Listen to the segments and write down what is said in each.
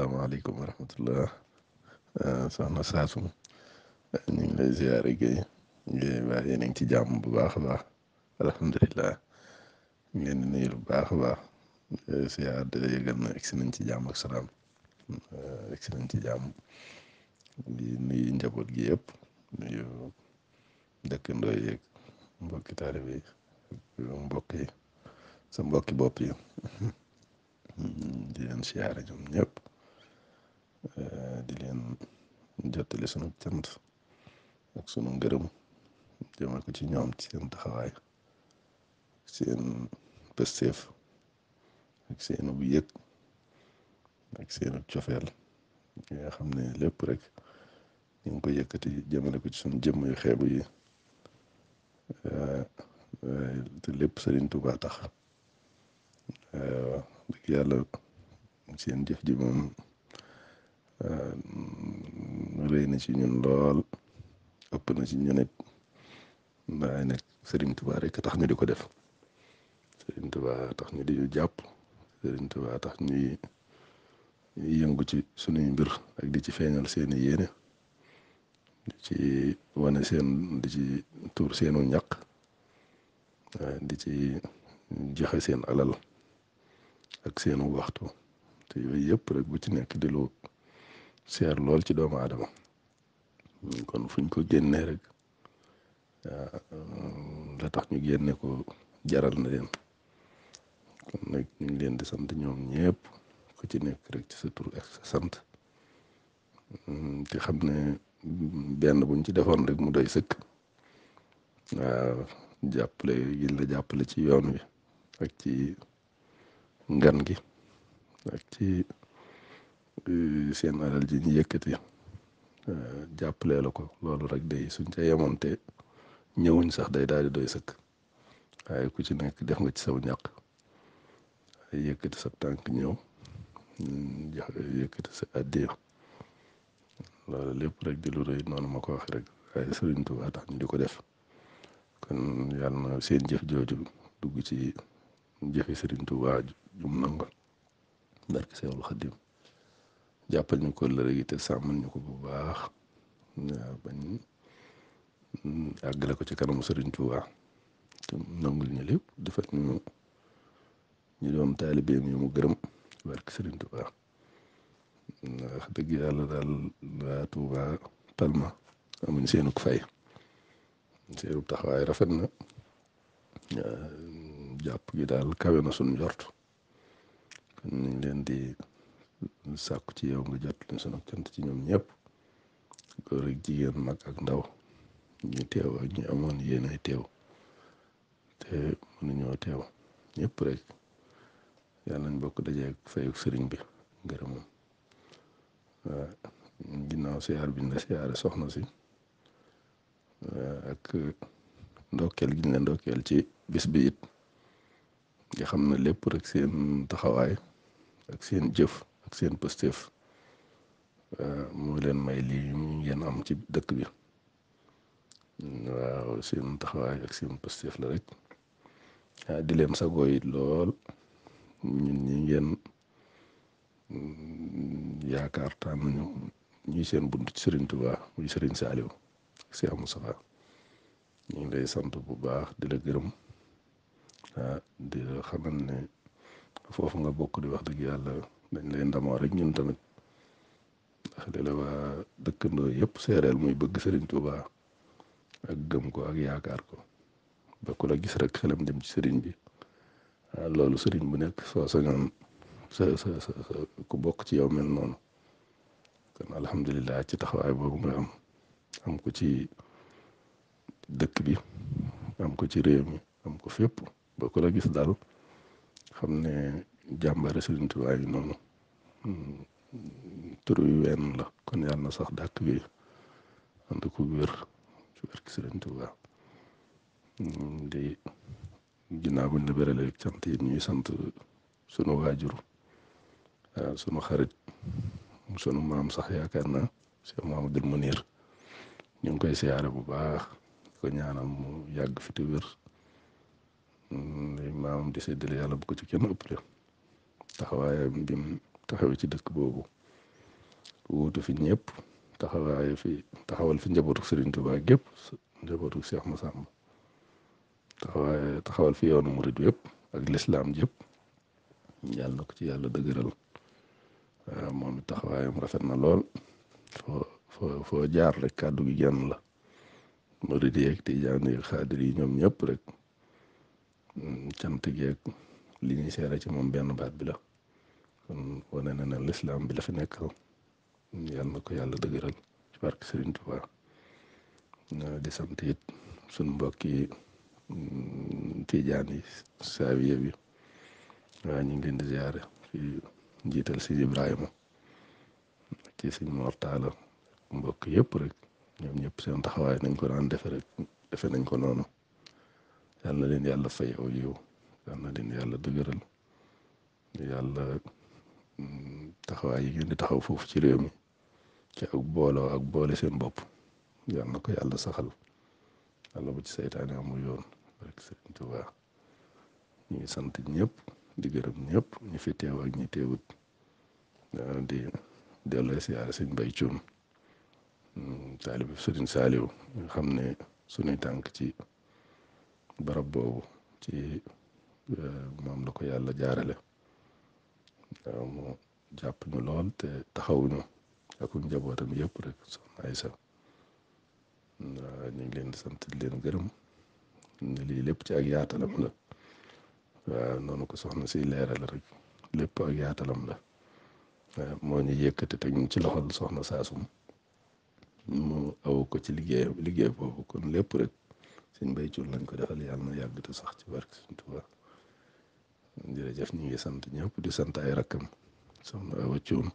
salaamaaleykum wa rahmatullah ah, soxna Sassou ñu ngi lay ziare Guèye Guèye baax yéen a ngi ci jàmm bu baax a baax alhamdulilah ngeen di bu baax a baax ziare di la yëgal na nañ ci jàmm ak salaam ah, egsi nañ ci jàmm di nuyu njaboot gi yëpp nuyu dëkkandoo yeeg mbokki taalibe yi mbokk yi sa mbokki bopp yi di leen ziare ñoom ñëpp. di leen jottali sunu cant ak sunu ngërëm jëme ko ci ñoom ci seen taxawaay seen pësteef ak seenu bu yëg ak seenu cofeel yi nga xam ne lépp rek ñu ngi ko yëkkati jëmale ko ci sunu jëmm yu xeebu yi te lépp Sëriñ Tuubaa tax dëgg yàlla seen jëf ji Ehm, rëy ci ñun lool ëpp na ci ñun it waaye nag Serigne Touba tax ñu di ko def Serigne Touba tax ñu di jàpp Serigne Touba tax yi ñuy yëngu ci sunuy mbir ak di ci feeñal seeni yéene di ci wane seen di ci tuur seenu ñàq di ci joxe seen alal ak seenu waxtu te yooyu yëpp rek bu ci nekk di lu seer lool ci doomu adama kon fuñ ko génnee rek ah, la tax ñu génne ko jaral na leen kon nag ñu ngi leen di sant ñoom ñëpp ku ci nekk rek ci sa tur sant te xam ne benn buñ ci defoon rek mu doy sëkk jàppale gin jàppale ci yoon wi ak ci ngan gi ak ci seen alal ji ñu yëkkati euh, jàppalee la ko loolu rek day suñ ca yemoonte ñëwuñ sax day daal di doy sëkk waaye ku ci nekk def nga ci saw ñàq yëkkati sa tànk ñëw yëkkati sa addiya loolu lépp rek di lu rëy noonu ma ko waxee rek waaye Sëriñ Tuubaa di ko def kon yàlla na seen jëf jooju dugg ci jëfi Sëriñ Tuubaa jum nangu barke Seexul Xadiim jàppal ñu ko lëre gi te sàmmal ñu ko bu baax waaw bañ àggale ko ci kanamu Sëriñ Tuubaa te nangul ñu lépp defal ñu ñu doon taalibeem yu mu gërëm barke Sëriñ Tuubaa wax dëgg yàlla daal waa Tuuba Palma amuñ seenuk fay seenu taxawaay rafet na jàpp gi daal kawe na suñ kon ñu leen di ñu ci yow nga jot so sunu cant ci ñoom ñëpp góor ak jigéen mag ak ndaw ñu teew amoon yéenay teew te mënuñoo teew ñëpp rek yàlla nañ bokk dajeeg fayuk sëriñ bi ngërëmam waaw ginnaaw siyaar bi ñu la siyaare soxna si ak ndokkeel gi ñu ndokkeel ci bis bi it nga xam na lépp rek seen taxawaay ak seen jëf ak seen pëstéef euh, moo leen may lii mu ngeen am ci dëkk bi waaw seen taxawaay ak seen pëstéef la rek ah, di leen sagoo lool ñu ñi ngeen mm, yaakaar tànn ñu ñuy seen bunt ci Serigne Touba muy Serigne Saliou ak Cheikh Moustapha ñu ngi lay sant bu baax di la gërëm ah di la ne foofu nga bokk di wax dëgg yàlla. dañ leen ndamoo rek ñun tamit ndax li la waa dëkkandoo yëpp seereel muy bëgg sëriñ Touba ak gëm ko ak yaakaar ko ba ku la gis rek xelam dem ci sëriñ bi ah, loolu sëriñ bu nekk soo sañoon sa sa sa ku bokk ci yow mel noonu kon alhamdulilah ci taxawaay boobu nga am am ko ci dëkk bi am ko ci réew mi am ko fépp ba ku la gis dal xam ne. jàmbare Sëriñ Tuubaa yi noonu hmm. tur wi wenn la kon yàlla na sax dàkk bi ànd ko wér ci wér ki Sëriñ Tuubaa hmm, di ginnaaw buñ la beralee cant yi ñuy sant sunu waajur ah, sunu xarit sunu maam sax yaakaar naa Cheikh Mahamadul Munir ñu ngi koy siyaare bu baax di ko ñaanal mu yàgg fi te wér hmm, di séddale yàlla bu ko ci kenn ëppale taxawaayam bi mu taxawee ci dëkk boobu wuutu fi ñëpp taxawaaye fi taxawal fi njabootu Serigne Touba gépp njabootu Cheikh Massamba taxawaaye taxawal fi yoonu murid yëpp ak lislaam yëpp yàlla na ko ci yàlla dëgëral waaw moom it taxawaayam rafet na lool foo foo foo jaar rek kàddu gi genn la murid yeeg tijaan yeeg xaadir yi ñoom ñëpp rek cant geeg li ñuy seere ci moom benn baat bi la kon wane na ne lislaam bi la fi nekkal yal na ko yàlla dëgëral ci barke Serigne Touba di sant it suñ mbokki tijaan yi mm, saawiya bi waaye ñu ngi leen di ziare njiital si Ibrahima ci si mortala mbokk yëpp rek ñoom ñëpp seen taxawaay nañ ko daan defe rek defe nañ ko noonu yal na leen yàlla fay aw yiw yal na leen yàlla dëgëral yàlla mm, taxawaay yi ngeen di taxaw foofu ci réew mi ci ak booloo ak boole seen bopp yal na ko yàlla saxal yàlla bu ci saytaane amul yoon rek Sëriñ Tuubaa ngi sant ñëpp di gërëm ñëpp ñu fi teew ak ñi teewut ah, di delloo siyaare sëñ Mbay Cuun mm, taalibu Sëriñ Saaliw nga xam ne sunuy tànk ci barab boobu ci Eh, moom la ko yàlla jaarale waaw mu jàpp ñu lool te taxaw ñu ak njabootam yëpp rek soxna Aysa ñu ngi leen di sant di leen gërëm lii lépp ci ak yaatalam la waaw noonu ko soxna si leerale rek lépp ak yaatalam la eh, moo ñu yëkkati teg ñu ci loxol soxna saasum mu aw ko ci liggéey liggéey boobu kon lépp rek suñ bay cul lañ ko defal yàlla na yàgg te sax ci barke Sëñ Tuubaa jërëjëf ñu ngi sant ñëpp di sant ay rakkam soxna Awa Thium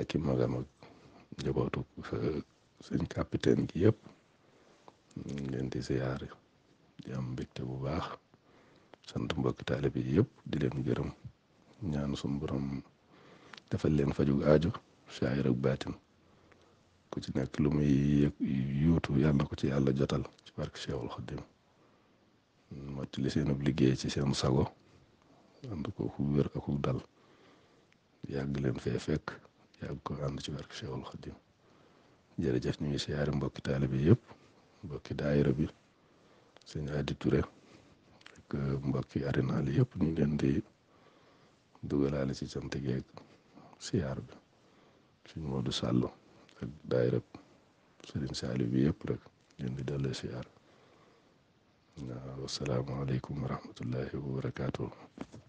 ak i magam ak njabootu sëñ capitaine gi yëpp ñu ngi leen di ziyaare di am bu baax sant mbokki taalibe yi yëpp di leen gërëm ñaan suñu borom defal leen fajug aajo saayir ak baatin ku ci nekk lu muy yuutu yàlla ko ci yàlla jotal ci barke Cheikhul Khadim mottali seenub liggéey ci seen sago ànd ko ku wér ak dal yàgg leen fee fekk ko ànd ci barke Cheikhul Khadim jërëjëf ñu ngi siyaare mbokki taalibe yëpp mbokki daayira bi sëñ Adi Touré ak euh, mbokki arénal yëpp ñu ngi dugalaale ci sant geeg siyaar bi suñ Modou Sall ak daayira Serigne Saliou bi yëpp rek leen di dellee siyaar waaw asalaamaaleykum wa rahmatullahi wa